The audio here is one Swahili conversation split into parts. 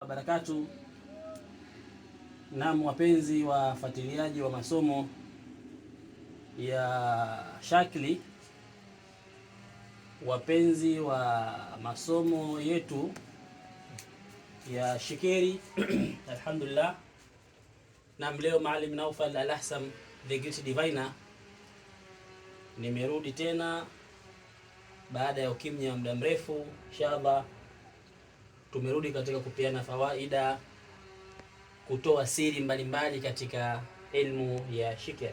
Wabarakatu nam, wapenzi wafuatiliaji wa masomo ya shakli wapenzi wa masomo yetu ya Shikeri alhamdulillah. Nam, leo Maalim Naufal al the Great Diviner, nimerudi tena baada ya ukimya muda mrefu, inshallah tumerudi katika kupeana fawaida, kutoa siri mbalimbali katika elimu ya shikra.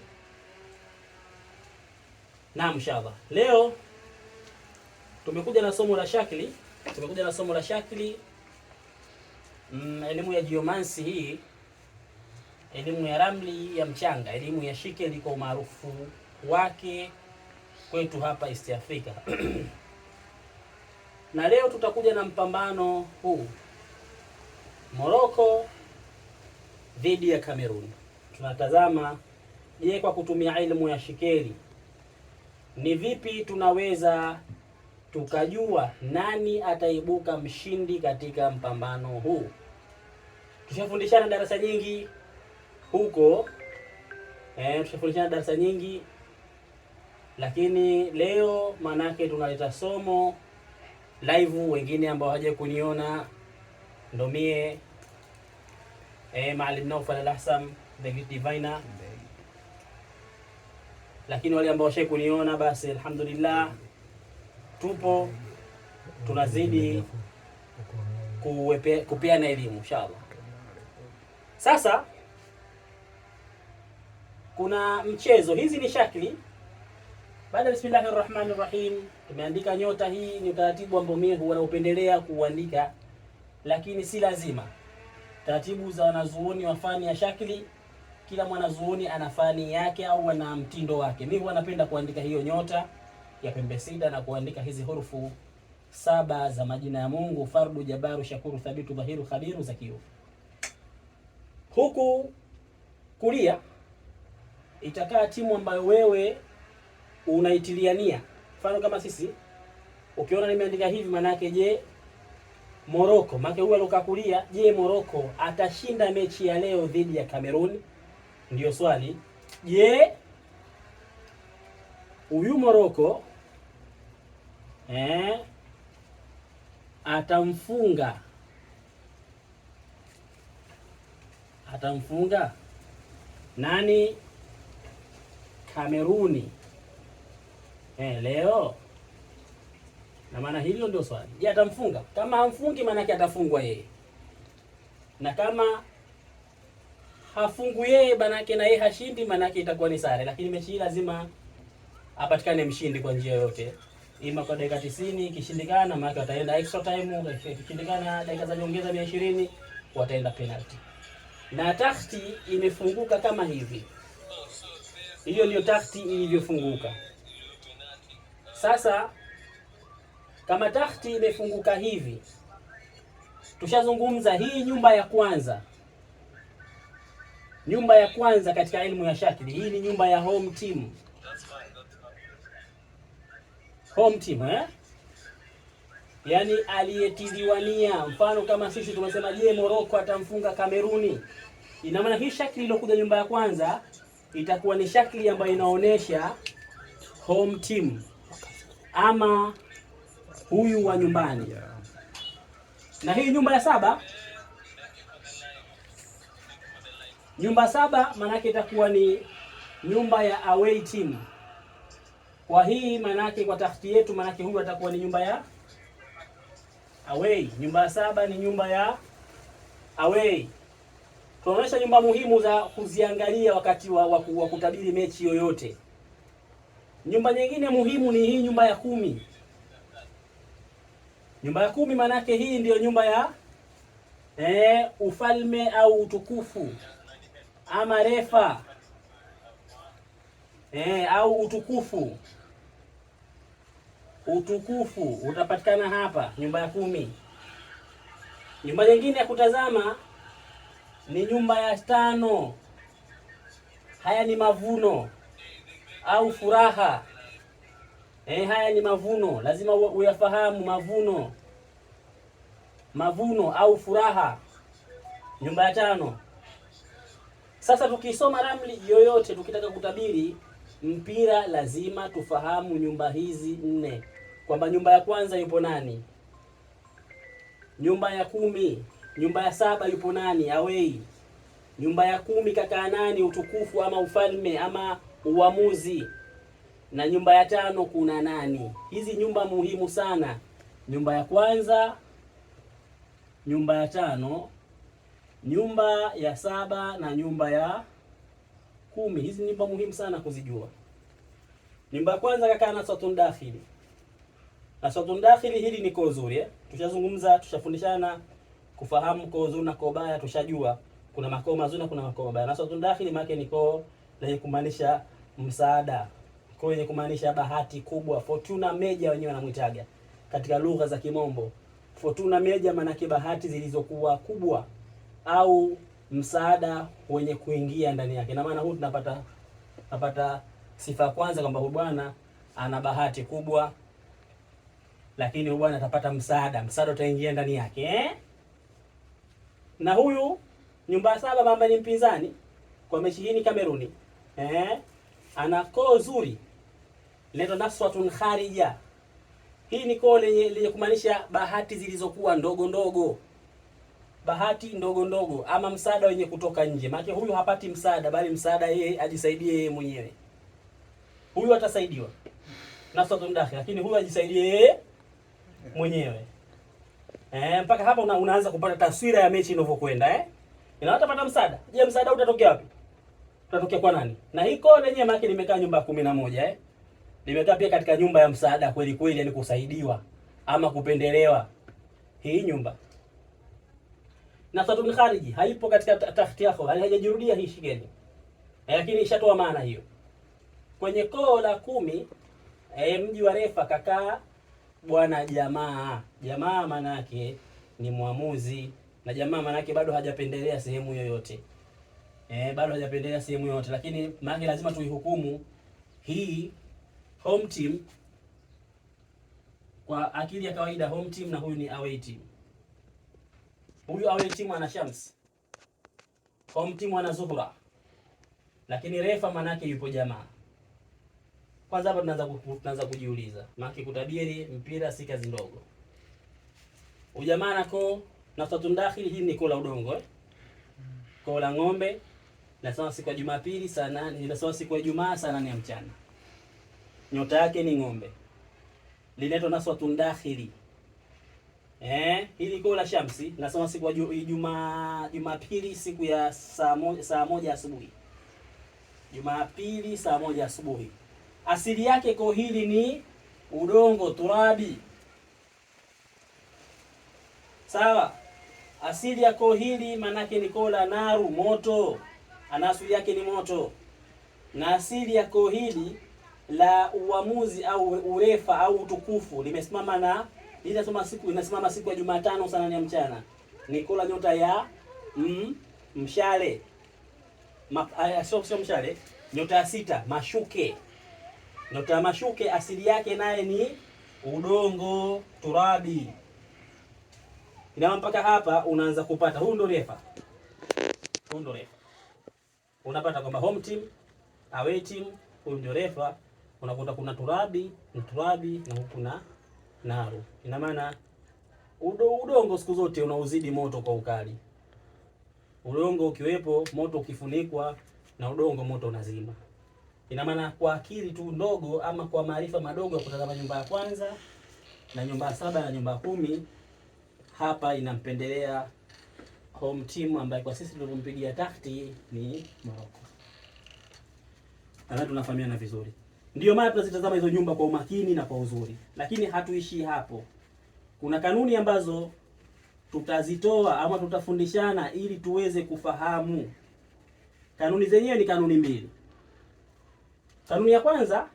Naam, inshallah leo tumekuja na somo la shakli, tumekuja na somo la shakli mm, elimu ya jiomansi hii, elimu ya ramli ya mchanga, elimu ya shikeli kwa umaarufu wake kwetu hapa East Africa na leo tutakuja na mpambano huu Morocco dhidi ya Cameroon. Tunatazama, je, kwa kutumia elimu ya shikeli ni vipi tunaweza tukajua nani ataibuka mshindi katika mpambano huu. Tushafundishana darasa nyingi huko eh, tushafundishana darasa nyingi, lakini leo maanake tunaleta somo live, wengine ambao waje kuniona ndo mie eh, Maalim Naufal Al-Ahsam the great diviner, lakini wale ambao washai kuniona basi alhamdulillah, tupo tunazidi kupeana elimu inshallah. Sasa kuna mchezo, hizi ni shakli baada ya bismillahir rahmanir rahim Tumeandika nyota, hii ni utaratibu ambao mimi huwa naupendelea kuuandika, lakini si lazima. Taratibu za wanazuoni wa fani ya shakli kila mwanazuoni ana fani yake au ana mtindo wake. Mimi huwa napenda kuandika hiyo nyota ya pembe sita na kuandika hizi hurufu saba za majina ya Mungu: Fardu, Jabaru, Shakuru, Thabitu, Dhahiru, Khabiru, Zakiyu. Huku kulia itakaa timu ambayo wewe unaitiliania Mfano kama sisi ukiona nimeandika hivi, maana yake je, moroko maana huyu alokakulia, je moroko atashinda mechi ya leo dhidi ya Cameroon? ndio swali. Je, huyu moroko eh, atamfunga atamfunga nani Kameruni? eh, leo na maana hilo ndio swali. Je, atamfunga? Kama hamfungi maana yake atafungwa yeye, na kama hafungu yeye maana yake na yeye hashindi, maana yake itakuwa ni sare. Lakini mechi hii lazima apatikane mshindi kwa njia yote. ima kwa dakika 90. Ikishindikana maana yake wataenda extra time, ikishindikana dakika za nyongeza 120, wataenda penalty. Na takti imefunguka kama hivi, hiyo ndio takti ilivyofunguka. Sasa kama tahti imefunguka hivi, tushazungumza hii nyumba ya kwanza, nyumba ya kwanza katika elimu ya shakli Hii ni nyumba ya home team, home team eh? Yaani aliyetidiwania. Mfano kama sisi tumesema, je, Morocco atamfunga Kameruni? Ina maana hii shakili iliyokuja nyumba ya kwanza itakuwa ni shakili ambayo inaonyesha home team ama huyu wa nyumbani. Na hii nyumba ya saba, nyumba saba maanake itakuwa ni nyumba ya away team. Kwa hii maanake, kwa tafiti yetu, maanake huyu atakuwa ni nyumba ya away. Nyumba ya saba ni nyumba ya away. Tunaonyesha nyumba muhimu za kuziangalia wakati wa, wa, wa kutabiri mechi yoyote. Nyumba nyingine muhimu ni hii nyumba ya kumi. Nyumba ya kumi maanake hii ndiyo nyumba ya eh, ufalme au utukufu ama refa eh, au utukufu. Utukufu utapatikana hapa nyumba ya kumi. Nyumba nyingine ya kutazama ni nyumba ya tano. Haya ni mavuno au furaha. E, haya ni mavuno, lazima uyafahamu mavuno, mavuno au furaha. Nyumba ya tano. Sasa tukisoma ramli yoyote, tukitaka kutabiri mpira, lazima tufahamu nyumba hizi nne, kwamba nyumba ya kwanza yupo nani, nyumba ya kumi, nyumba ya saba yupo nani, awei, nyumba ya kumi kakaa nani, utukufu ama ufalme ama uamuzi. Na nyumba ya tano kuna nani? Hizi nyumba muhimu sana, nyumba ya kwanza, nyumba ya tano, nyumba ya saba na nyumba ya kumi. Hizi nyumba muhimu sana kuzijua. Nyumba ya kwanza kakaa naswatun dakhili, naswatun dakhili hili ni koo zuri eh? Tushazungumza, tushafundishana kufahamu koo zuri na koo baya, tushajua kuna makoo mazuri na kuna makoo mabaya. Naswatun dakhili maana ni koo lenye kumaanisha msaada kwa hiyo kumaanisha bahati kubwa, fortuna meja wenyewe wanamwitaga katika lugha za Kimombo. Fortuna meja maanake bahati zilizokuwa kubwa au msaada wenye kuingia ndani yake. Na maana huu tunapata tunapata sifa kwanza kwamba huyu bwana ana bahati kubwa, lakini huyu bwana atapata msaada, msaada utaingia ndani yake eh? Na huyu nyumba saba mamba ni mpinzani kwa mechi hii ni Kameruni eh? ana koo zuri linaitwa naswatun kharija. Hii ni koo lenye lenye kumaanisha bahati zilizokuwa ndogo ndogo, bahati ndogo ndogo, ama msaada wenye kutoka nje. Maana huyu hapati msaada, bali msaada yeye ajisaidie yeye mwenyewe. Huyu atasaidiwa naswatun dakhil, lakini huyu ajisaidie yeye mwenyewe. Eh, mpaka hapa una, unaanza kupata taswira ya mechi inavyokwenda eh? Ina Inawatapata msaada. Je, msaada utatokea wapi? Tunatokea kwa nani? Na hii kona yenyewe maana nimekaa nyumba ya 11 eh. Nimekaa pia katika nyumba ya msaada kweli kweli, yani kusaidiwa ama kupendelewa. Hii nyumba. Nafatun khariji haipo katika tafti yako, haijajirudia hii shigeni. Eh, lakini ishatoa maana hiyo. Kwenye koo la kumi eh, mji wa refa kakaa bwana jamaa. Jamaa maana yake ni mwamuzi na jamaa maana yake bado hajapendelea sehemu yoyote eh, bado hajapendelea sehemu yote, lakini maana lazima tuihukumu hii home team kwa akili ya kawaida. Home team na huyu ni away team. Huyu away team ana Shams, home team ana Zuhura, lakini refa manake yupo jamaa. Kwanza hapa tunaanza tunaanza kujiuliza, maana kutabiri mpira si kazi ndogo. Ujamaa nako na dakhili, hii ni kola udongo eh? kola ng'ombe nasoma siku ya Jumapili saa nane, nasoma siku ya Ijumaa saa nane ya mchana. Nyota yake ni ng'ombe, linaitwa naswatun dakhili. Eh, hili goo la shamsi nasoma siku ya Ijumaa, Jumapili siku ya saa moja, saa moja asubuhi. Jumapili saa moja asubuhi. Asili yake kwa hili ni udongo turabi, sawa. Asili ya goo hili maanake ni goo la naru, moto asili yake ni moto, na asili ya koo hili la uamuzi au urefa au utukufu limesimama na linasoma siku inasimama siku ya Jumatano sana ya mchana, ni kola nyota ya mm, mshale eh, sio sio mshale, nyota ya sita mashuke. Nyota ya mashuke asili yake naye ni udongo, turabi. Inama mpaka hapa unaanza kupata, huu ndo refa, huu ndo refa unapata kwamba home team, away team, huyu ndio refa. Unakuta kuna turabi na turabi na huku na naru. Ina maana udongo siku zote unauzidi moto kwa ukali. Udongo ukiwepo, moto ukifunikwa na udongo, moto unazima. Ina maana kwa akili tu ndogo ama kwa maarifa madogo ya kutazama nyumba ya kwanza na nyumba ya saba na nyumba ya kumi, hapa inampendelea home team ambaye kwa sisi tuliompigia takti ni Morocco. Nadhani tunafahamiana vizuri, ndio maana tunazitazama hizo nyumba kwa umakini na kwa uzuri, lakini hatuishi hapo. Kuna kanuni ambazo tutazitoa ama tutafundishana ili tuweze kufahamu. Kanuni zenyewe ni kanuni mbili. Kanuni ya kwanza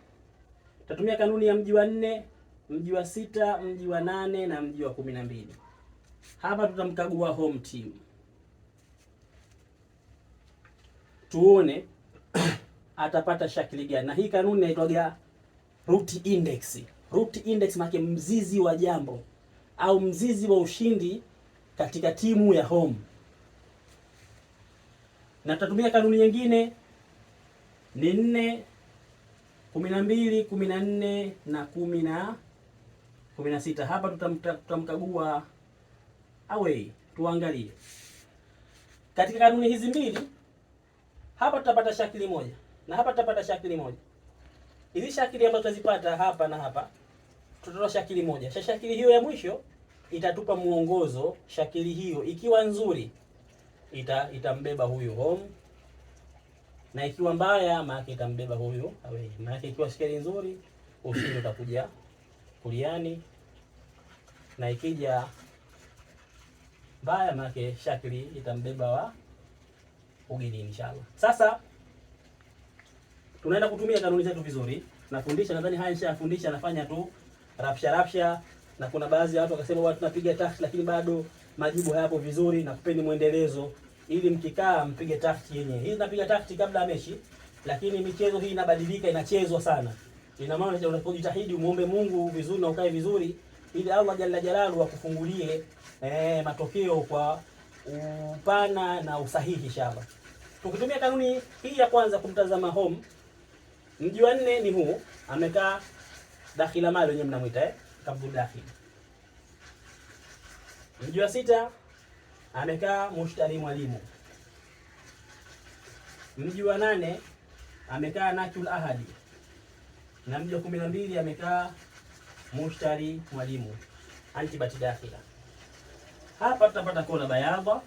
tutatumia kanuni ya mji wa nne, mji wa sita, mji wa nane na mji wa kumi na mbili. Hapa tutamkagua home team. tuone atapata shakili gani. Na hii kanuni inaitwaga root index. Root index maana mzizi wa jambo au mzizi wa ushindi katika timu ya home, na tutatumia kanuni nyingine ni nne kumi na mbili kumi na nne na kumi na kumi na sita. Hapa tutamkagua away, tuangalie katika kanuni hizi mbili hapa tutapata shakili moja na hapa tutapata shakili moja. Hizi shakili ambazo tutazipata hapa na hapa tutatoa shakili moja. Sasa shakili hiyo ya mwisho itatupa mwongozo. Shakili hiyo ikiwa nzuri ita itambeba huyu home, na ikiwa mbaya maana itambeba huyu away. Maana ikiwa shakili nzuri ushindi utakuja kuliani, na ikija mbaya maana shakili itambeba wa ugenini inshallah. Sasa tunaenda kutumia kanuni zetu vizuri. Nafundisha nadhani haya insha nishafundisha, anafanya tu rapsha rapsha, na kuna baadhi ya watu wakasema watu tunapiga tafti, lakini bado majibu hayapo vizuri, na kupeni mwendelezo ili mkikaa mpige tafti yenyewe. Hii napiga tafti kabla ya mechi, lakini michezo hii inabadilika, inachezwa sana. Ina maana unapojitahidi umuombe Mungu vizuri na ukae vizuri, ili Allah jalla jalalu akufungulie eh, matokeo kwa upana na usahihi shaba. Tukitumia kanuni hii ya kwanza kumtazama home, mji wa nne ni huu, amekaa dakhila mali wenyewe mnamwita eh, kabdu dakhili. Mji wa sita amekaa mushtari mwalimu. Mji wa nane amekaa nakul ahadi, na mji wa kumi na mbili amekaa mushtari mwalimu antibati dakhila hapa tutapata kona bayaba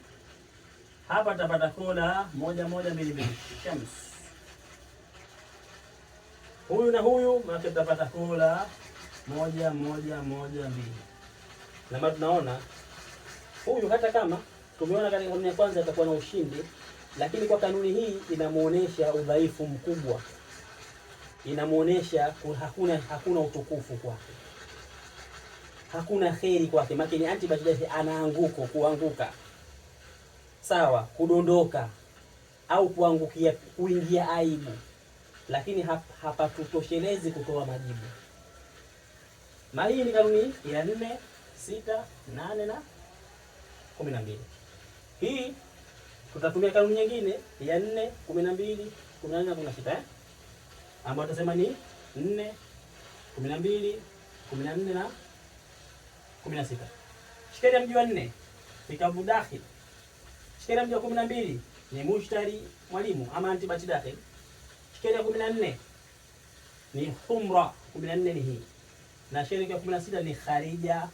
hapa tutapata kona moja moja mbili mbili shams, huyu na huyu, maana tutapata kona moja moja moja mbili. Na maana tunaona huyu hata kama tumeona katika kanuni ya kwanza atakuwa na ushindi, lakini kwa kanuni hii inamuonesha udhaifu mkubwa, inamuonesha hakuna, hakuna utukufu kwake hakuna kheri kwake, makini antibiotics anaanguko kuanguka, sawa, kudondoka au kuangukia, kuingia aibu, lakini hapatutoshelezi kutoa majibu. Mara hii ni kanuni ya nne, sita, nane na kumi na mbili. Hii tutatumia kanuni nyingine ya nne, kumi na mbili, kumi na nne na kumi na sita eh, ambayo tutasema ni nne, kumi na mbili, kumi na nne na 16. ya mji wa nne kitabu dakhil. ya mji wa 12 ni mushtari mwalimu ama antibati dakhil. Shikaria ya 14 ni humra, 14 ni hii. Na shikaria ya 16 ni kharija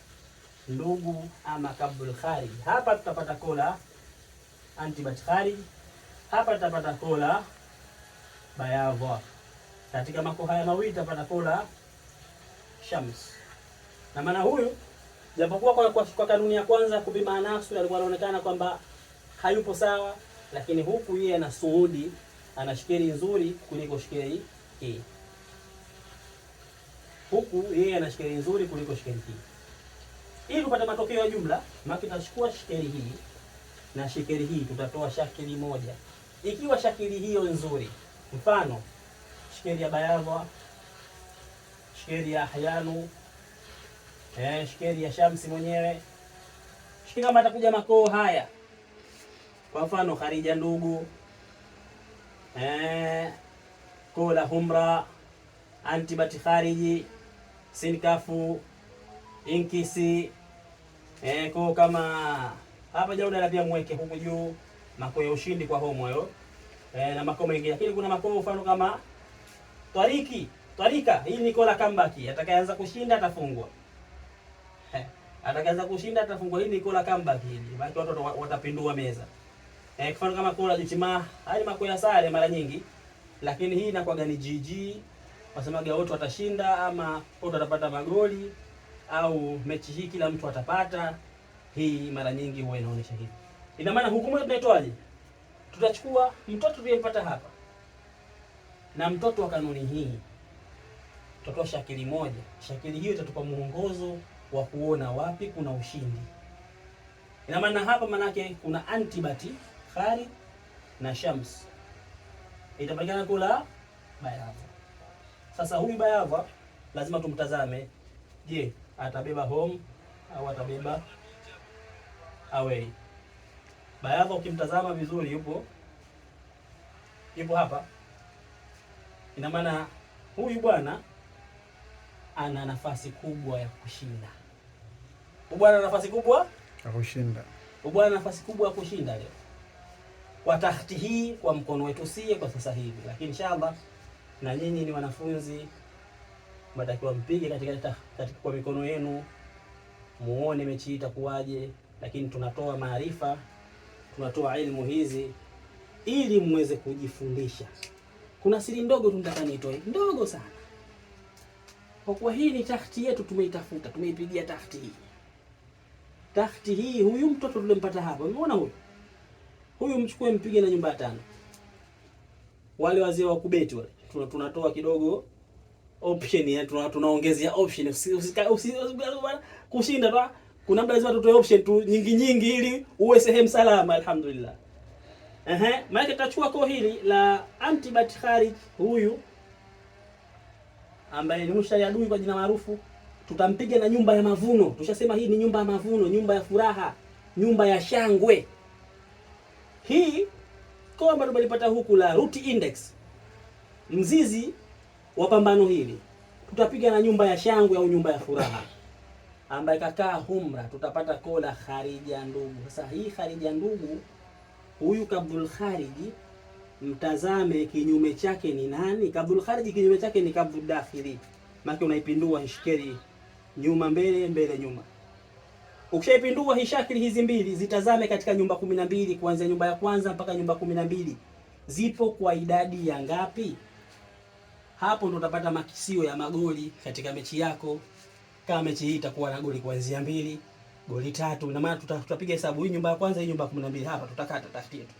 ndugu ama kabul kharij. Hapa tutapata kola antibati kharij. Hapa tutapata kola bayadha. Katika mako haya mawili tutapata kola shams. Na maana huyu Japokuwa kwa, kwa, kwa kanuni ya kwanza kupima nafsi alikuwa anaonekana kwamba hayupo sawa, lakini huku yeye ana suudi ana shikeli nzuri kuliko shikeli hii, huku yeye ana shikeli nzuri kuliko shikeli hii. Ili tupate matokeo ya jumla, maana tutachukua shikeli hii na shikeli hii, tutatoa shakili moja. Ikiwa shakili hiyo nzuri, mfano shikeli ya bayava shikeli ya ahyanu Eh, shikeli ya Shamsi mwenyewe. Shikeli kama atakuja makoo haya. Kwa mfano Kharija ndugu. Eh, Kola Humra, Antibati Khariji, Sinkafu, Inkisi. Eh, kwa kama hapa Jauda la pia mweke huku juu makoo ya ushindi kwa homo yo. Eh, na makoo mengine. Lakini kuna makoo mfano kama Twariki, Twarika, hii ni kola comeback. Atakayeanza kushinda atafungwa atakaanza kushinda atafungua Hii ni kola comeback hili, maana watu watapindua meza eh, kwa kama kola jitima hali makoya sare mara nyingi, lakini hii inakuwa gani GG, wasemaga wote watashinda ama wote watapata magoli au mechi hii kila mtu atapata. Hii mara nyingi huwa inaonyesha hivi. Ina maana hukumu tunaitoaje? Tutachukua mtoto tuliyempata hapa na mtoto wa kanuni hii, tutatoa shakili moja. Shakili hiyo itatupa mwongozo wa kuona wapi kuna ushindi. Ina maana hapa, manake kuna antibati khari na shams itapatikana kula bayava. Sasa huyu bayava lazima tumtazame, je, atabeba home au atabeba away? Bayava ukimtazama vizuri, yupo yupo hapa. Ina maana huyu bwana ana nafasi kubwa ya kushinda. Ubwana nafasi kubwa ya kushinda. Ubwana nafasi kubwa ya kushinda leo kwa tahti hii, kwa mkono wetu sie kwa sasa hivi, lakini inshallah na nyinyi ni wanafunzi, mnatakiwa mpige katika, katika kwa mikono yenu muone mechi hii itakuwaje, lakini tunatoa maarifa, tunatoa elimu hizi ili muweze kujifundisha. Kuna siri ndogo tunataka nitoe, ndogo sana, kwa kuwa hii ni tahti yetu, tumeitafuta, tumeipigia tahti hii tafti hii, huyu mtoto tulimpata hapa, umeona huyu huyu, mchukue mpige na nyumba tano. Wale wazee wa kubeti wale tunatoa kidogo option ya tunaongezea tuna option kushinda tu, kuna muda lazima tutoe option tu nyingi nyingi, ili uwe sehemu salama. Alhamdulillah, ehe, maana tutachukua ko hili la anti Kharij huyu ambaye ni mshaadui kwa jina maarufu tutampiga na nyumba ya mavuno. Tushasema hii ni nyumba ya mavuno, nyumba ya furaha, nyumba ya shangwe. Hii kwa ambalo tumelipata huku la root index, mzizi wa pambano hili tutapiga na nyumba ya shangwe au nyumba ya furaha ambaye kakaa humra, tutapata kola kharija ndugu. Sasa hii kharija ndugu, huyu kabdul khariji, mtazame kinyume chake ni nani? Kabdul khariji kinyume chake ni kabdul dakhili, maana unaipindua hishkeri nyuma mbele mbele nyuma. Ukishaipindua hii shakli hizi mbili zitazame katika nyumba kumi na mbili kuanzia nyumba ya kwanza mpaka nyumba kumi na mbili zipo kwa idadi ya ngapi? Hapo ndo utapata makisio ya magoli katika mechi yako. Kama mechi hii itakuwa na goli kuanzia mbili, goli tatu, na maana tutapiga hesabu hii nyumba ya kwanza, hii nyumba ya kumi na mbili, hapa tutakata tafiti tu.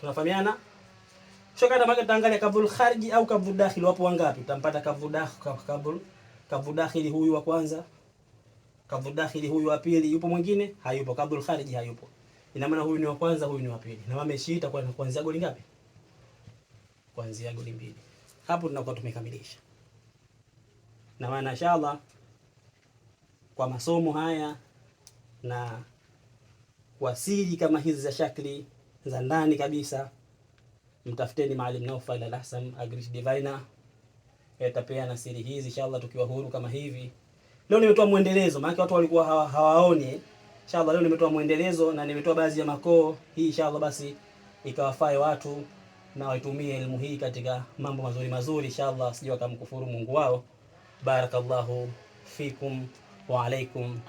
Tunafahamiana? Shokata maka tutaangalia kabul kharji au kabul dakhil, wapo wangapi? Utampata kabul dakhil, kabul kavudakhili huyu wa kwanza, kavudakhili huyu wa pili. Yupo mwingine? Hayupo. Kabdul khariji hayupo. Ina maana huyu ni wa kwanza, huyu ni wa pili, na mameshi kwa kuanzia goli ngapi? Kuanzia goli mbili. Hapo tunakuwa tumekamilisha, na maana inshallah kwa masomo haya na kwa kama hizi za shakli za ndani kabisa, mtafuteni Maalim Naufal Al-Ahsam Agrish Diviner yatapeana siri hizi inshallah, tukiwa huru kama hivi. Leo nimetoa mwendelezo, maana watu walikuwa hawa, hawaoni. Inshallah leo nimetoa mwendelezo na nimetoa baadhi ya makoo hii, inshallah basi ikawafae watu na waitumie elimu hii katika mambo mazuri mazuri, inshallah sijui wakamkufuru Mungu wao. Barakallahu fikum wa alaikum.